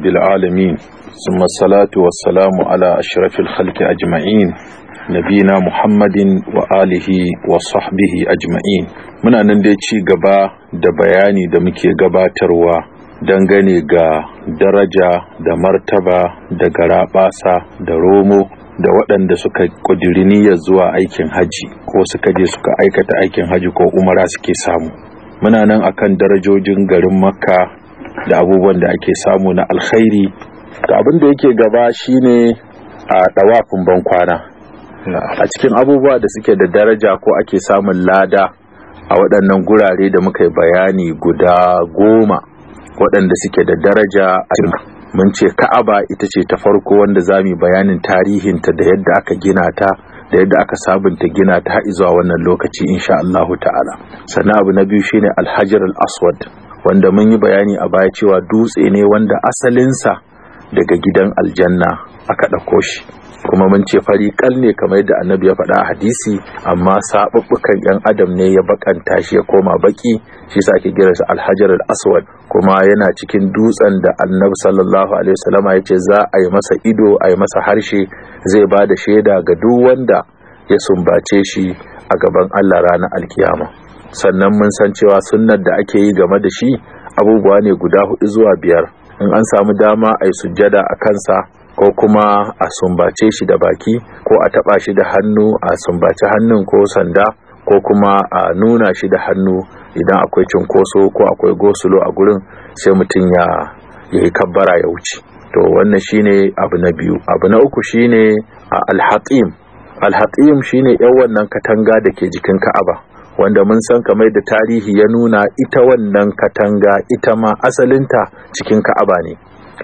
رب العالمين ثم الصلاة والسلام على أشرف الخلق أجمعين نبينا محمد وآله وصحبه أجمعين من أن ci gaba da bayani da muke gabatarwa dangane ga daraja da martaba da garaɓasa da romo da waɗanda suka ƙudiri niyyar zuwa aikin haji ko suka je suka aikata aikin haji ko umara suke samu muna nan akan darajojin garin makka da abubuwan da ake samu na alkhairi to abin da yake gaba shine a dawafin kwana. a cikin abubuwa da suke da daraja ko ake samun lada a waɗannan gurare da muka bayani guda goma waɗanda suke da daraja a mun ce ka'aba ita ce ta farko wanda za mu bayanin tarihinta da yadda aka gina ta da yadda aka sabunta gina ta zuwa wannan lokaci insha Allah ta'ala sannan abu na biyu shine alhajar al-aswad wanda mun yi bayani a baya cewa dutse ne wanda asalinsa daga gidan aljanna aka ɗauko shi kuma mun ce fari kal ne kamar yadda annabi ya faɗa a hadisi amma saɓuɓɓukan yan adam ne ya bakanta shi ya koma baki shi sa ake gira alhajar al-aswad kuma yana cikin dutsen da annabi sallallahu alaihi wasallama ya za a yi masa ido a yi masa harshe zai ba da shaida ga duk wanda ya sumbace shi a gaban allah ranar alkiyama sannan mun san cewa sunnar da ake yi game da shi abubuwa ne guda hudu zuwa biyar in an samu dama a yi sujjada a kansa ko kuma a sumbace shi da baki ko a taba shi da hannu a sumbace hannun ko sanda ko kuma a nuna shi da hannu idan akwai cinkoso ko akwai gosulo a gurin sai mutum ya yi kabbara ya wuce to wannan shine abu na biyu abu na uku shine a alhatim shi shine yan wannan katanga da ke jikin ka'aba wanda mun san kamar da tarihi ya nuna ita wannan katanga ita ma asalinta cikin ka'aba ne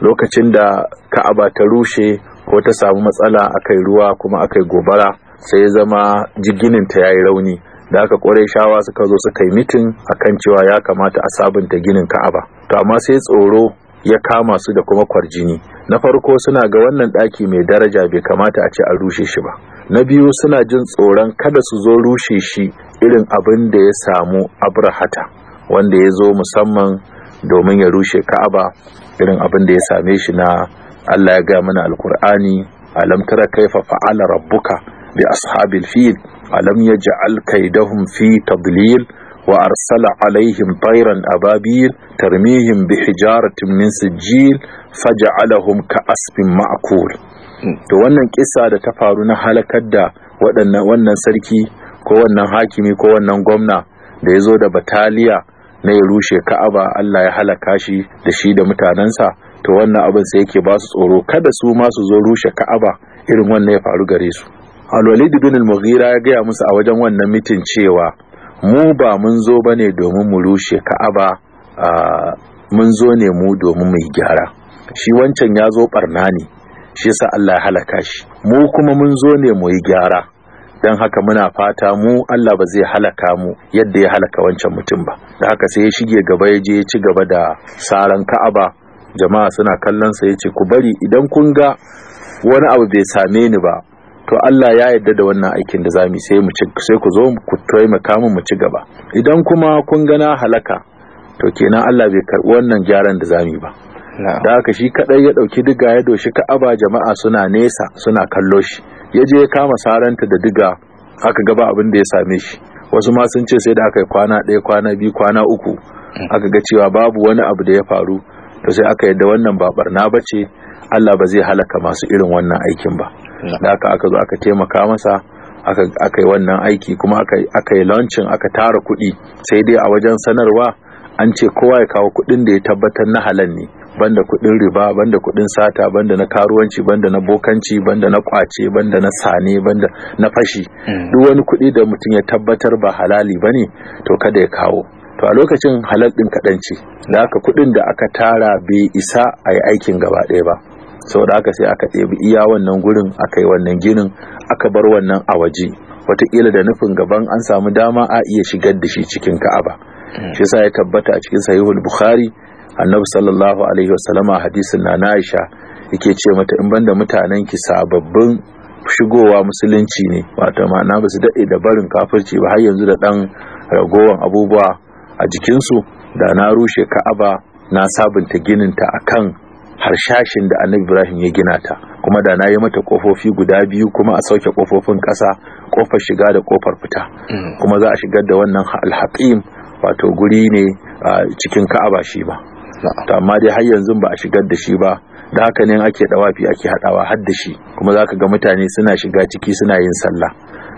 lokacin da ka'aba ta rushe ko ta samu matsala akai ruwa kuma akai gobara sai ya zama jiginin ta yayi rauni da aka kwarai shawa suka zo suka yi mitin akan cewa ya kamata a sabunta ginin ka'aba to amma sai tsoro ya kama su da kuma kwarjini na farko suna ga wannan ɗaki mai daraja bai kamata a ce a rushe shi ba na biyu suna jin tsoron kada su zo rushe shi irin abin da ya samu abrahata wanda ya zo musamman domin ya rushe ka'aba irin abin da ya same shi na allah ya gaya mana alkur'ani alam tara kaifa fa'ala rabbuka bi ashabil fil alam yaj'al kaidahum fi tadlil wa arsala alaihim tayran ababil tarmihim bi hijaratin min sijil faj'alahum ka asfin ma'kul hmm. to wannan kisa da ta faru na halakar da waɗannan wannan sarki ko wannan hakimi ko wannan gwamna da ya zo da bataliya na ya rushe ka'aba Allah ya halaka shi da shi da mutanensa to wannan abin sai yake ba su tsoro kada su ma su zo rushe ka'aba irin wannan ya faru gare su al al-walid bin al-mughira ya gaya musu a wajen wannan mitin cewa mu ba mun zo bane domin mu rushe ka'aba mun zo ne mu domin mu gyara shi wancan ya zo barna ne shi yasa Allah ya halaka shi mu kuma mun zo ne mu yi gyara don haka muna fata mu Allah ba zai halaka mu yadda ya halaka wancan mutum ba da haka sai ya shige gaba ya je ya ci gaba da saran ka'aba jama'a suna kallon sa yace ku bari idan kun ga wani abu bai same ni ba to Allah ya yarda da wannan aikin da zamu sai mu ci sai ku zo ku taimaka mu mu ci gaba idan kuma kun ga na halaka to kenan Allah bai karbi wannan gyaran da zamu ba da haka shi kadai ya dauki diga ya doshi ka'aba jama'a suna nesa suna kallo shi ya je ya kama saranta da diga aka gaba abin da ya same shi wasu ma sun ce sai da aka yi kwana ɗaya kwana biyu kwana uku aka ga cewa babu wani abu da ya faru to sai aka yadda wannan ba barna ba ce Allah ba zai halaka masu irin wannan aikin ba mm. da aka aka zo aka taimaka masa aka yi wannan aiki kuma aka yi launcin aka tara kuɗi sai dai a wajen sanarwa an ce kowa ya kawo kuɗin da ya tabbatar na halal ne banda kudin riba banda kudin sata banda na karuwanci banda na bokanci banda na kwace banda na sane banda na fashi hmm. duk wani kudi da mutum ya tabbatar ba halali bane to kada ya kawo to a lokacin halal din kadanci da aka kudin da aka tara bai isa a yi aikin gaba ɗaya ba saboda aka sai aka ɗebi iya wannan gurin aka yi wannan ginin aka bar wannan a waje wataƙila da nufin gaban an samu dama a iya shigar da shi cikin ka'aba hmm. shi yasa ya tabbata a cikin sahihul bukhari annabi sallallahu alaihi wasallama hadisin na Aisha yake ce mata in banda mutanen ki sababbin shigowa musulunci ne wato ma'ana ba su daɗe da barin kafirci ba har yanzu da ɗan ragowan abubuwa a jikinsu da na rushe ka'aba na sabunta gininta a kan harshashin da annabi ibrahim ya gina ta kuma da na yi mata kofofi guda biyu kuma a sauke kofofin ƙasa kofar shiga da kofar fita mm. kuma za a shigar da wannan alhaƙim wato guri ne cikin ka'aba shi ba amma dai har yanzu ba a shigar da shi ba da haka ne ake dawafi ake hadawa har da shi kuma zaka ga mutane suna shiga ciki suna yin sallah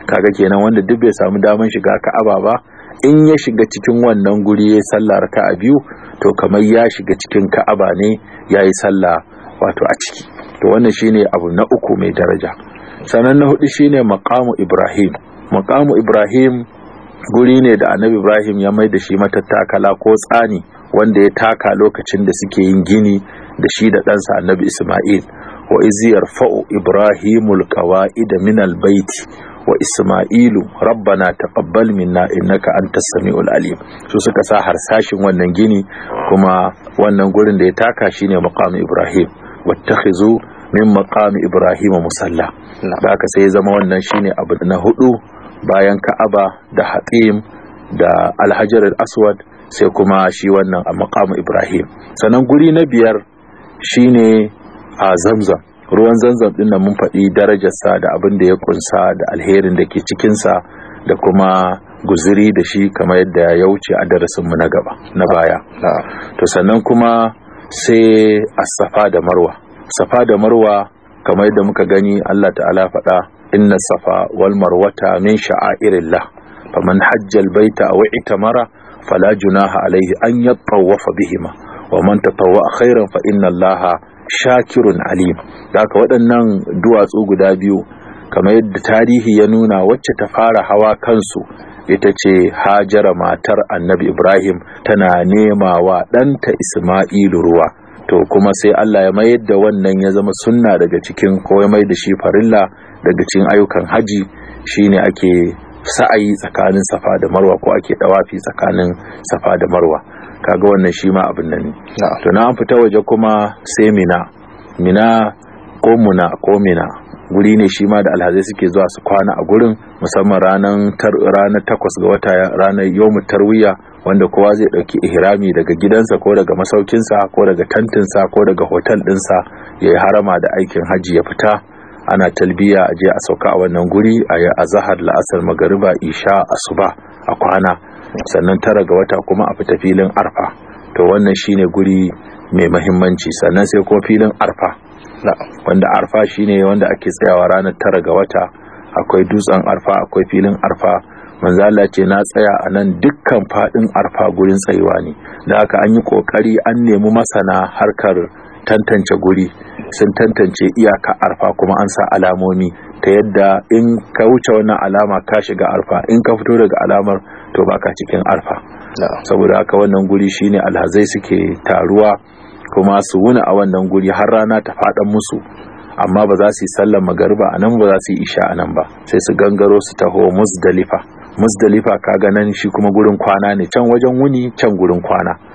kaga kenan wanda duk bai samu daman shiga ka'aba ba in ya shiga cikin wannan guri ya sallah a biyu to kamar ya shiga cikin ka'aba ne yayi sallah wato a ciki to wannan shine abu na uku mai daraja sanan na hudu shine maqamu ibrahim maqamu ibrahim guri ne da annabi ibrahim ya mai da shi matattakala ko tsani wanda ya taka lokacin da suke yin gini da shi da ɗansa annabi Ismail wa iziyar fa'o Ibrahimul da minal baiti wa Ismailu rabbana taqabbal minna innaka antas samiul alim su suka sa harsashin wannan gini kuma wannan gurin da ya taka shine maqami Ibrahim wattakhizu min maqami Ibrahim musalla da aka sai zama wannan shine abu na hudu bayan Ka'aba da Hatim da al al-Aswad sai kuma shi wannan a makamu ibrahim sannan guri na biyar shi ne a zamzam ruwan zamzam din nan mun faɗi darajarsa da abin da ya kunsa da alherin da ke cikinsa da kuma guziri da shi kamar yadda ya wuce a darasinmu na gaba na baya to sannan kuma sai a safa da marwa safa da marwa kamar yadda muka gani Allah ta'ala faɗa inna safa wal marwata min sha'airillah faman hajjal baita aw mara. fala junaha alaihi an yattawafa bihima wa man tatawwa khairan fa inna allaha shakirun alim haka waɗannan duwatsu guda biyu kamar yadda tarihi ya nuna wacce ta fara hawa kansu ita ce hajara matar annabi ibrahim tana nema wa ɗanta isma'ilu ruwa to kuma sai allah ya mayar da wannan ya zama sunna daga cikin ko mai da shi farilla daga cikin ayyukan haji shine ake sa'ayi tsakanin safa da marwa ko ake dawafi tsakanin safa da marwa kaga wannan shi ma abin nan ne to na an fita waje kuma sai mina mina ko muna ko mina guri ne shi ma da alhazai suke zuwa su kwana a gurin musamman ranar ranar takwas ga wata ranar yomu tarwiya wanda kowa zai dauki ihrami daga gidansa ko daga masaukinsa ko daga tantinsa ko daga hotel dinsa ya yi harama da aikin haji ya fita ana talbiya a je a sauka a wannan guri a yi azahar la'asar magariba isha asuba a kwana sannan tara ga wata kuma a fita filin arfa to wannan shine guri mai mahimmanci sannan sai kuma filin arfa wanda arfa shine wanda ake tsayawa ranar tara ga wata akwai dutsen arfa akwai filin arfa manzala ce na tsaya a nan dukkan faɗin arfa gurin tsayuwa ne da haka an yi ƙoƙari, an nemi masana harkar tantance guri sun tantance iyaka arfa kuma an sa alamomi ta yadda in ka wuce wannan alama ka shiga arfa in ka fito daga alamar to baka cikin arfa saboda haka wannan guri shine alhazai suke taruwa kuma su wuna a wannan guri har rana ta faɗan musu amma ba za su yi sallar magariba a nan ba za su yi isha a nan ba sai su gangaro su taho musdalifa musdalifa kaga nan shi kuma gurin kwana ne can wajen wuni can gurin kwana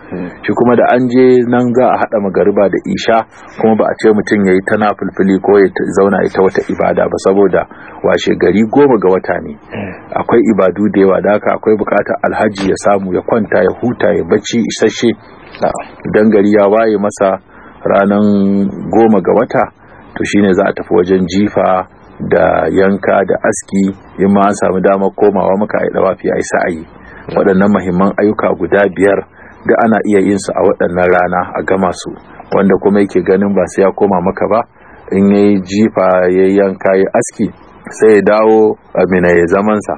shi kuma da an je nan za a haɗa magariba da isha kuma ba a ce mutum ya yi ta nafulfuli ko ya zauna ita wata ibada ba saboda washe gari goma ga wata ne akwai ibadu da yawa da haka akwai bukatar alhaji ya samu ya kwanta ya huta ya bacci isasshe don gari ya waye masa ranar goma ga wata to shine za a tafi wajen jifa da yanka da aski in ma an samu damar komawa maka a yi dawafi a yi sa'ayi waɗannan mahimman ayyuka guda biyar da ana iya yin su a waɗannan rana a gama su wanda kuma yake ganin ba sai ya koma maka ba in yayi jifa yayi yanka yayi aski sai ya dawo amina ya zaman sa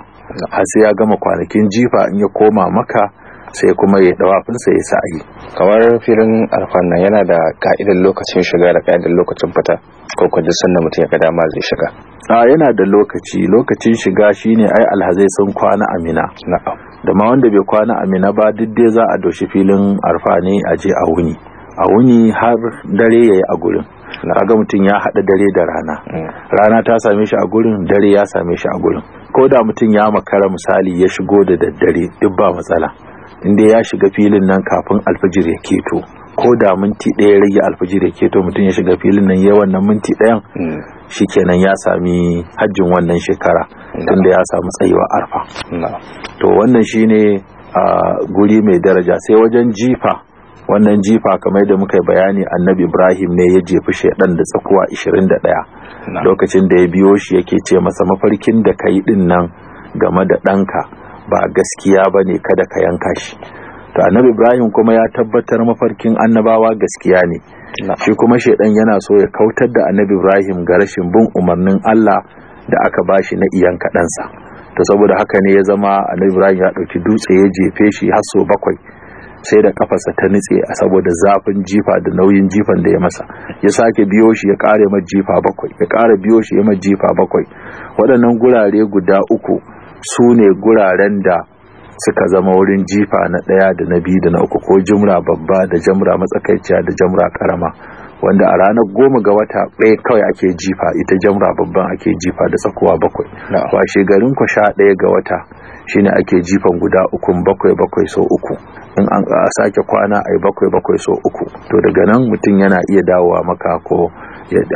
a sai ya gama kwanakin jifa in ya koma maka sai kuma ya fin sai ya sa'i kamar filin alfanna yana da ka'idar lokacin shiga da ka'idar lokacin fita ko kun sannan mutum ya ga dama zai shiga a yana da lokaci lokacin shiga shine ai alhazai sun kwana amina na'am da ma wanda bai kwana a mina ba duk dai za a doshi filin arfani a je a wuni a wuni har dare yayi a gurin kaga mutum ya haɗa dare da rana mm. rana ta same shi a gurin dare ya same shi a gurin ko da mutum ya makara misali ya shigo da daddare duk ba matsala inda ya shiga filin nan kafin alfajir ya keto ko da minti ɗaya rage alfajir da keto mutum ya shiga filin nan yawan nan minti ɗayan hmm. kenan ya sami hajjin wannan shekara tunda ya samu tsayuwa arfa to wannan shine a guri mai daraja sai wajen jifa wannan jifa kamar da muka bayani annabi ibrahim ne ya jefi shaidan da tsakuwa 21 lokacin da ya biyo shi yake ce masa mafarkin da ka yi din nan game da ɗanka ba gaskiya ba ne kada ka yanka shi to annabi ibrahim kuma ya tabbatar mafarkin annabawa gaskiya ne shi kuma shaidan yana so ya kautar da annabi ibrahim ga rashin bin umarnin allah da aka bashi na iyan kaɗansa to saboda haka ne ya zama annabi ibrahim ya ɗauki dutse ya jefe shi har so bakwai sai da kafarsa ta nitse a saboda zafin jifa da nauyin jifan da ya masa ya sake biyo shi ya kare ma jifa bakwai ya kare biyo shi ya ma jifa bakwai waɗannan gurare guda uku su ne guraren da suka zama wurin jifa na ɗaya da na biyu da na uku ko jumra babba da jamra matsakaiciya da jamra karama wanda a ranar goma ga wata ɗaya kawai ake jifa ita jamra babban ake jifa da tsakuwa bakwai washe garin ku sha ɗaya ga wata shine ake jifan guda uku bakwai bakwai so uku in an sake kwana ai bakwai bakwai so uku to daga nan mutum yana iya dawowa maka ko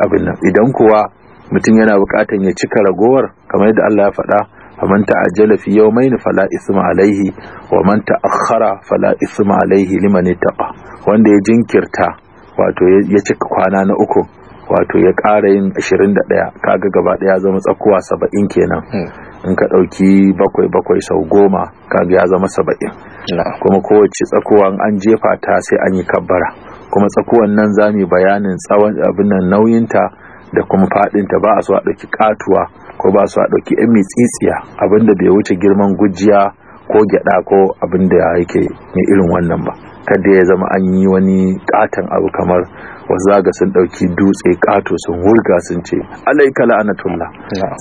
abin nan idan kuwa mutum yana bukatan ya cika ragowar kamar yadda Allah ya faɗa a ta'ajjala fi yawmayn fala isma alaihi wa man ta'akhkhara fala alaihi liman wanda ya jinkirta wato ya cika kwana na uku wato ya ƙara yin 21 kaga gaba ɗaya zama tsakuwa 70 kenan in ka ɗauki bakwai bakwai sau goma kaga ya zama 70 kuma kowace tsakuwa an jefa ta sai an yi kabbara kuma tsakuwan nan za mu bayanin tsawon abin nan nauyinta da kuma faɗinta ba a so a ɗauki ƙatuwa ko ba su a ɗauki yan mitsitsiya abinda bai wuce girman gujiya ko gyaɗa ko abinda yake mai irin wannan ba kada ya zama an yi wani katon abu kamar wa zaga sun ɗauki dutse kato sun wurga sun ce alaika la'anatulla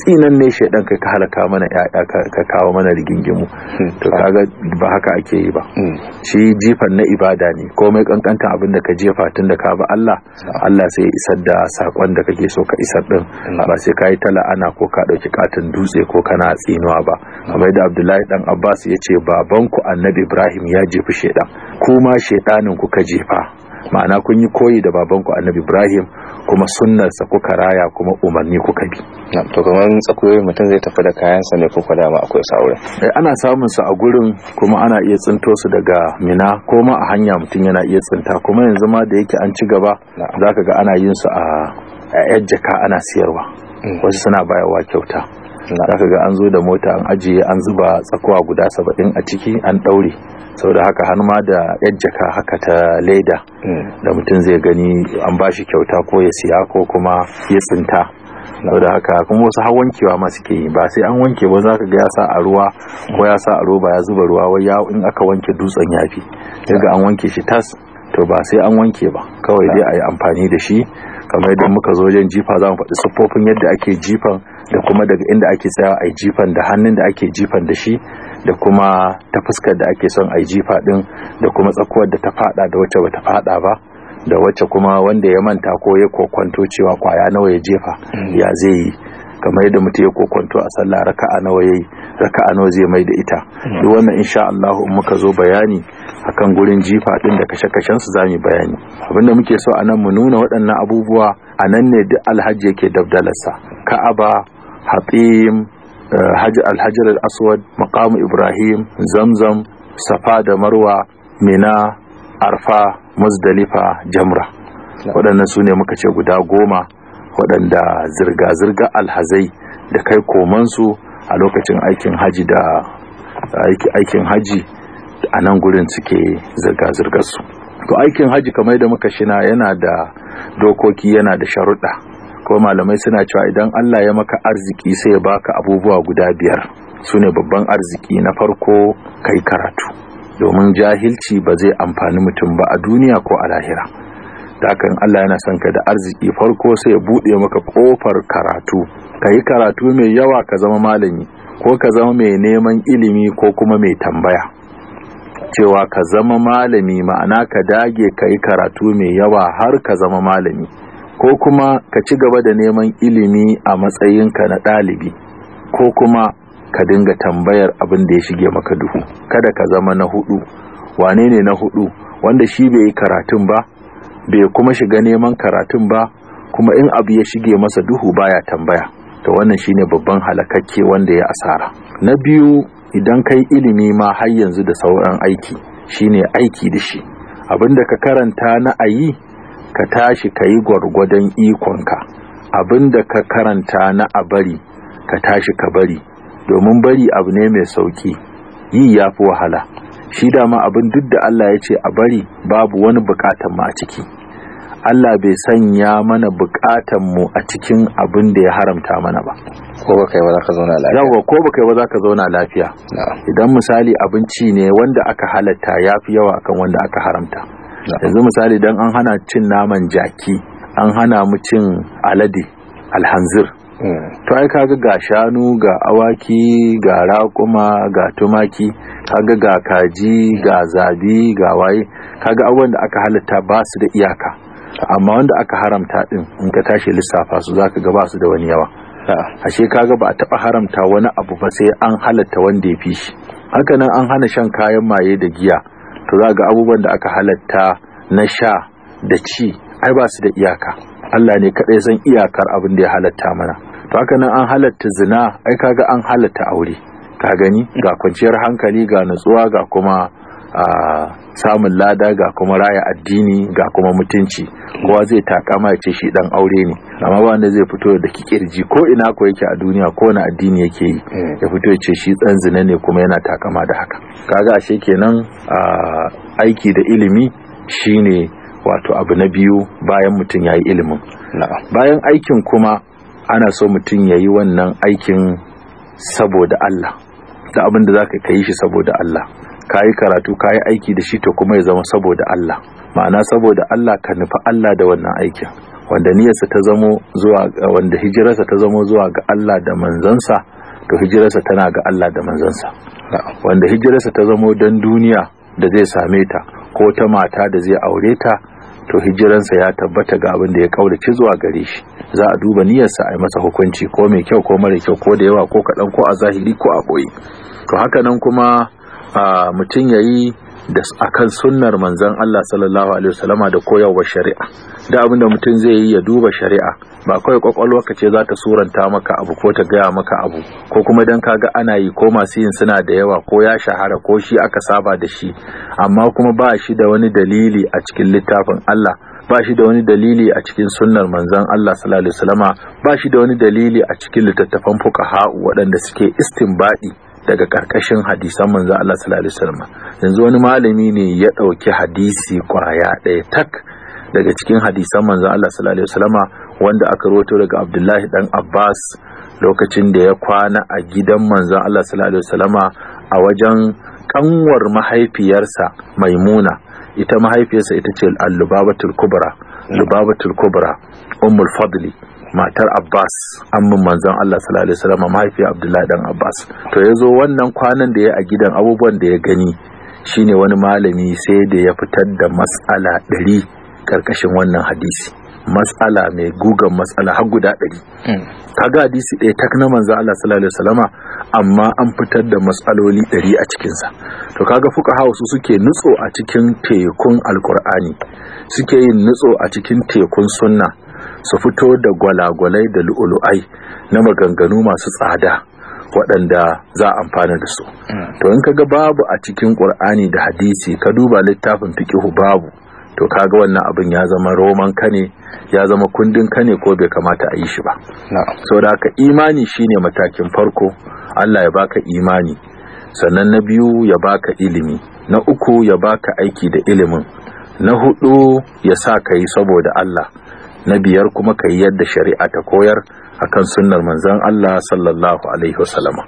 tsinan ne shaidan kai ka halaka mana ya'ya ka kawo mana rigingimu hmm. to kaga ba haka ake yi ba hmm. shi jifan na ibada ne komai kankanta abin da ka jefa tun da ka ba Allah Allah sai ya isar da sakon da kake so ka isar din ba sai ka ta la'ana ko ka ɗauki katon dutse ko kana tsinuwa ba kamar da Abdullahi dan Abbas ya ce babanku annabi Ibrahim ya jefi shaidan kuma shaidanin ku ka jefa ma'ana kun yi koyi da babanku annabi ibrahim kuma sunnarsa kuka raya kuma umarni kuka bi to kamar tsakuyoyin mutum zai tafi da kayansa ne kuka dama akwai saurin eh, ana samun su a gurin kuma ana iya tsinto su daga mina ko ma a hanya mutum yana iya tsinta kuma yanzu ma da yake an ci gaba zaka ga ana yin su a yajjaka ana siyarwa mm. wasu suna bayarwa kyauta zaka ga an zo da mota an ajiye an zuba tsakuwa guda saba'in a ciki an daure saboda haka har ma da jaka haka ta leda hmm. da mutum zai gani an bashi kyauta ko ya siya ko kuma ya tsinta saboda haka kuma wasu har wankewa ma suke yi ba sai an wanke ba za ka ga ya sa a ruwa ko ya sa a roba ya zuba ruwa wai ya in aka wanke dutsen yafi daga an wanke shi tas to ba sai an wanke ba kawai dai a yi amfani da shi kamar yadda muka zo wajen jifa za faɗi siffofin yadda ake jifan da kuma daga inda ake tsayawa a jifan da hannun da ake jifan da shi da kuma ta fuskar da ake son a jifa din da kuma tsakuwar da ta fada da wacce bata fada ba da wacce kuma wanda ya manta ko ya kokwanto cewa kwaya nawa ya jefa mm. ya zai yi kamar yadda mutum ya kokwanto a sallah raka'a nawa yayi raka'a nawa zai mai da ita mm. duk wannan insha Allah in muka zo bayani akan gurin jifa din da kashe-kashen su zamu bayani abinda muke so a nan mu nuna waɗannan abubuwa a nan ne duk alhaji yake dabdalarsa ka'aba hatim eh, alhajar aswad maqam ibrahim zamzam safa da marwa mina arfa muzdalifa jamra waɗannan su ne muka ce guda goma waɗanda zirga-zirga alhazai da kai komansu a lokacin aikin haji da aikin haji a nan gurin suke zirga-zirgarsu to aikin haji kamar da muka shina yana da dokoki yana da sharuɗa ko malamai suna cewa idan Allah ya maka arziki sai ya baka abubuwa guda biyar su babban arziki na farko kai karatu domin jahilci ba zai amfani mutum ba a duniya ko a lahira dakan Allah yana son ka da arziki farko sai ya buɗe maka kofar karatu kai karatu mai yawa ka zama malami ko ka zama mai neman ilimi ko kuma mai tambaya cewa ka zama malami ma'ana ka dage ka karatu mai yawa har ka zama malami ko kuma ka ci gaba da neman ilimi a matsayinka na ɗalibi ko kuma ka dinga tambayar abin da ya shige maka duhu kada ka zama na hudu wane ne na hudu wanda shi bai yi karatun ba bai kuma shiga neman karatun ba kuma in abu ya shige masa duhu baya tambaya to wannan shine babban halakakke wanda ya asara na biyu idan kai ilimi ma har yanzu da sauran aiki shine aiki da shi Abin da ka karanta na ayi ka tashi ka yi gwargwadon ikonka abinda ka karanta na a bari ka tashi ka bari domin bari abu ne mai sauki yi ya fi wahala shi dama abin duk da Allah ya ce a bari babu wani bukatan mu a ciki Allah bai sanya mana bukatan mu a cikin abin da ya haramta mana ba ko ba kai ba za ka zauna lafiya yawa ko ba kai ba za ka zauna lafiya idan misali abinci ne wanda aka halatta yafi yawa akan wanda aka haramta yanzu misali don an hana cin naman jaki an hana mu cin alade alhanzir hmm. to ai kaga ga shanu ga awaki ga raƙuma ga tumaki kaga ga kaji ga zabi ga waye kaga abubuwan da aka halatta ba su da iyaka amma wanda aka haramta din in ka tashi lissafa su zaka ga ba su da wani yawa ashe kaga ba a taɓa haramta wani abu ba sai an halatta wanda ya fi shi hakanan an hana shan kayan maye da giya to za ga abubuwan da aka halatta na sha da ci ai ba su da iyaka Allah ne kaɗai san iyakar abin da ya halatta mana to haka nan an halatta zina ai kaga an halatta aure ka gani ga kwanciyar hankali ga nutsuwa ga kuma a ah, samun lada ga kuma raya addini ga kuma mutunci kowa zai takama ce shi dan aure ne amma ba wanda zai fito da kikirji ko ina ko yake a duniya ko na addini yake yi eh. ya fito ce shi dan zina ne kuma yana takama da haka kaga ashe kenan aiki da ilimi shine wato abu na biyu bayan mutum yayi ilimin bayan aikin kuma ana so mutum yayi wannan aikin saboda Allah da abin da zaka kai shi saboda Allah ka yi karatu ka yi aiki da shi to kuma ya zama saboda Allah ma'ana saboda Allah ka nufi Allah da wannan aikin wanda niyarsa ta zamo zuwa wanda hijirarsa ta zamo zuwa ga Allah da manzansa to hijirarsa tana ga Allah da manzansa wanda hijirarsa ta zamo don duniya da zai same ta ko ta mata da zai aure ta to hijiransa ya tabbata ga abin da ya kaurace zuwa gare shi za a duba niyyarsa a yi masa hukunci ko mai kyau ko mara kyau ko da yawa ko kaɗan ko a zahiri ko a ɓoye to haka nan kuma a mutum ya yi da kan sunnar manzon Allah sallallahu alaihi wasallama da koyarwa shari'a da abinda mutum zai yi ya duba shari'a ba kawai kwakwalwa ka ce za ta suranta maka abu ko ta gaya maka abu ko kuma dan ga ana yi ko masu yin suna da yawa ko ya shahara ko shi aka saba da shi amma kuma ba shi da wani dalili a cikin littafin Allah ba shi da wani dalili a cikin sunnar manzon Allah sallallahu alaihi ba shi da wani dalili a cikin littattafan fuqaha waɗanda suke istinbadi daga karkashin hadisan manzo Allah sallallahu alaihi wasallam yanzu wani malami ne ya dauki hadisi kwaya ɗaya tak daga cikin hadisan manzo Allah sallallahu alaihi wanda aka rawaito daga Abdullahi dan Abbas lokacin da ya kwana a gidan manzo Allah sallallahu alaihi a wajen kanwar mahaifiyarsa Maimuna ita mahaifiyarsa ita ce al-Lubabatul Kubra Lubabatul Kubra Ummul Fadli matar Abbas ammin manzon Allah sallallahu alaihi wasallam mahaifi Abdullahi dan Abbas to yazo wannan kwanan da ya a gidan abubuwan da ya gani shine wani malami sai da ya fitar da mas'ala 100 karkashin wannan hadisi mas'ala mai gugan mas'ala har guda 100 hmm. kaga hadisi ɗaya tak na manzon Allah sallallahu alaihi wasallama amma an fitar da mas'aloli 100 a cikin sa to kaga fuqaha su suke nutso a cikin tekun alqur'ani suke yin nutso a cikin tekun sunna su fito da gwalagwalai da lu'ulu'ai na maganganu masu tsada waɗanda za a amfana da su hmm. to in kaga babu a cikin ƙur'ani da hadisi ka duba littafin fiqihu babu to kaga wannan abin ya zama roman ka ne ya zama kundin ka ne ko bai kamata a yi shi ba so da haka imani shine matakin farko Allah ya baka imani sannan na biyu ya baka ilimi na uku ya baka aiki da ilimin na hudu ya sa ka yi saboda Allah na biyar kuma ka yi yadda shari'a ta koyar akan sunnar manzon Allah sallallahu alaihi wasallama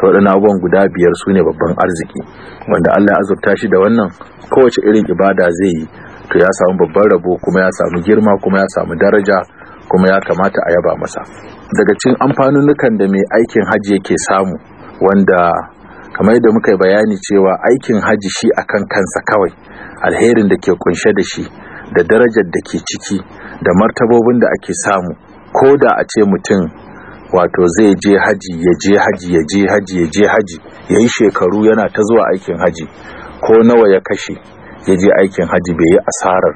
to wadannan abubuwan guda biyar su ne babban arziki wanda Allah ya azurta shi da wannan kowace irin ibada zai yi to ya samu babban rabo kuma ya samu girma kuma ya samu daraja kuma ya kamata a yaba masa daga cikin amfanunukan da mai aikin haji yake samu wanda kamar yadda muka yi bayani cewa aikin haji shi akan kansa kawai alherin da ke kunshe da shi da darajar da ke ciki da martabobin da ake samu ko da a ce mutum wato zai je haji ya je haji ya je haji ya je haji ya yi shekaru yana ta zuwa aikin haji ko nawa ya kashe ya je aikin haji bai yi asarar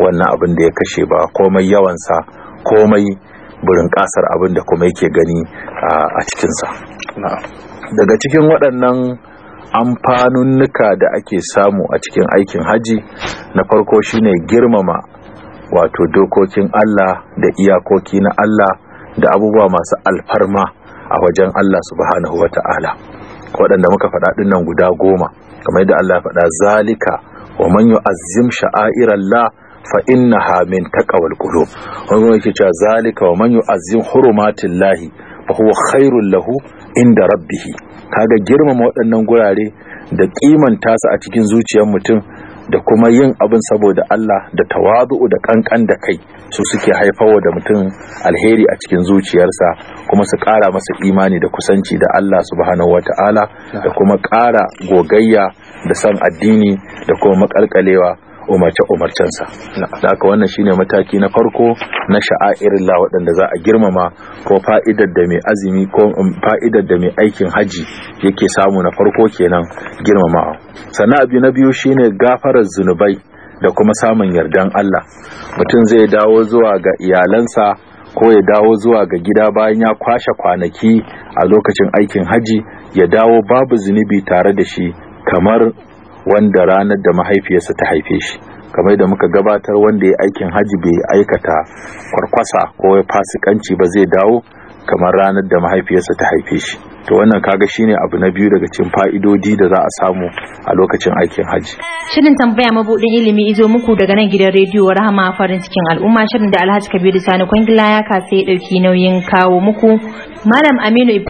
wannan abin da ya kashe ba komai yawansa komai burin kasar abin da kuma yake gani a cikinsa daga cikin waɗannan amfanunnuka da ake samu a cikin aikin haji na farko shine girmama wato dokokin Allah da iyakoki na Allah da abubuwa masu alfarma a wajen Allah subhanahu wa ta'ala waɗanda muka faɗa ɗinnan guda goma kamar yadda Allah ya faɗa zalika wa man yu'azzim sha'airallah fa innaha min taqwal qulub wannan yake cewa zalika wa man yu'azzim hurumatillahi fa huwa khairul lahu inda rabbih kaga girmama waɗannan gurare da kimanta su a cikin zuciyar mutum da kuma yin abin saboda Allah da tawazu'u da kankan da kai su suke haifawa da mutum alheri a cikin zuciyarsa kuma su ƙara masa imani da kusanci da Allah subhanahu wata'ala da kuma ƙara gogayya da san addini da kuma makalkalewa umarce-umarcensa da aka wannan shine mataki na farko na sha'a'ir Allah waɗanda za a girmama ko fa'idar da mai azumi ko um, fa'idar da mai aikin haji yake samu na farko kenan girmamawa sannan abu na biyu shine gafarar zunubai da kuma samun yardan Allah mutum zai dawo zuwa ga iyalansa ko ya dawo zuwa ga gida bayan ya kwashe kwanaki a lokacin aikin haji ya dawo babu zunubi tare da shi kamar wanda ranar da mahaifiyarsa ta haife shi kamar da muka gabatar wanda ya aikin haji bai aikata kwarkwasa ko ya fasikanci ba zai dawo kamar ranar da mahaifiyarsa ta haife shi to wannan kaga shine abu na biyu daga cikin fa'idodi da za a samu a lokacin aikin haji shirin tambaya mabudin ilimi izo muku daga nan gidan rediyo rahama farin cikin al'umma shirin da alhaji kabiru sani kwangila ya kasa ya dauki nauyin kawo muku malam aminu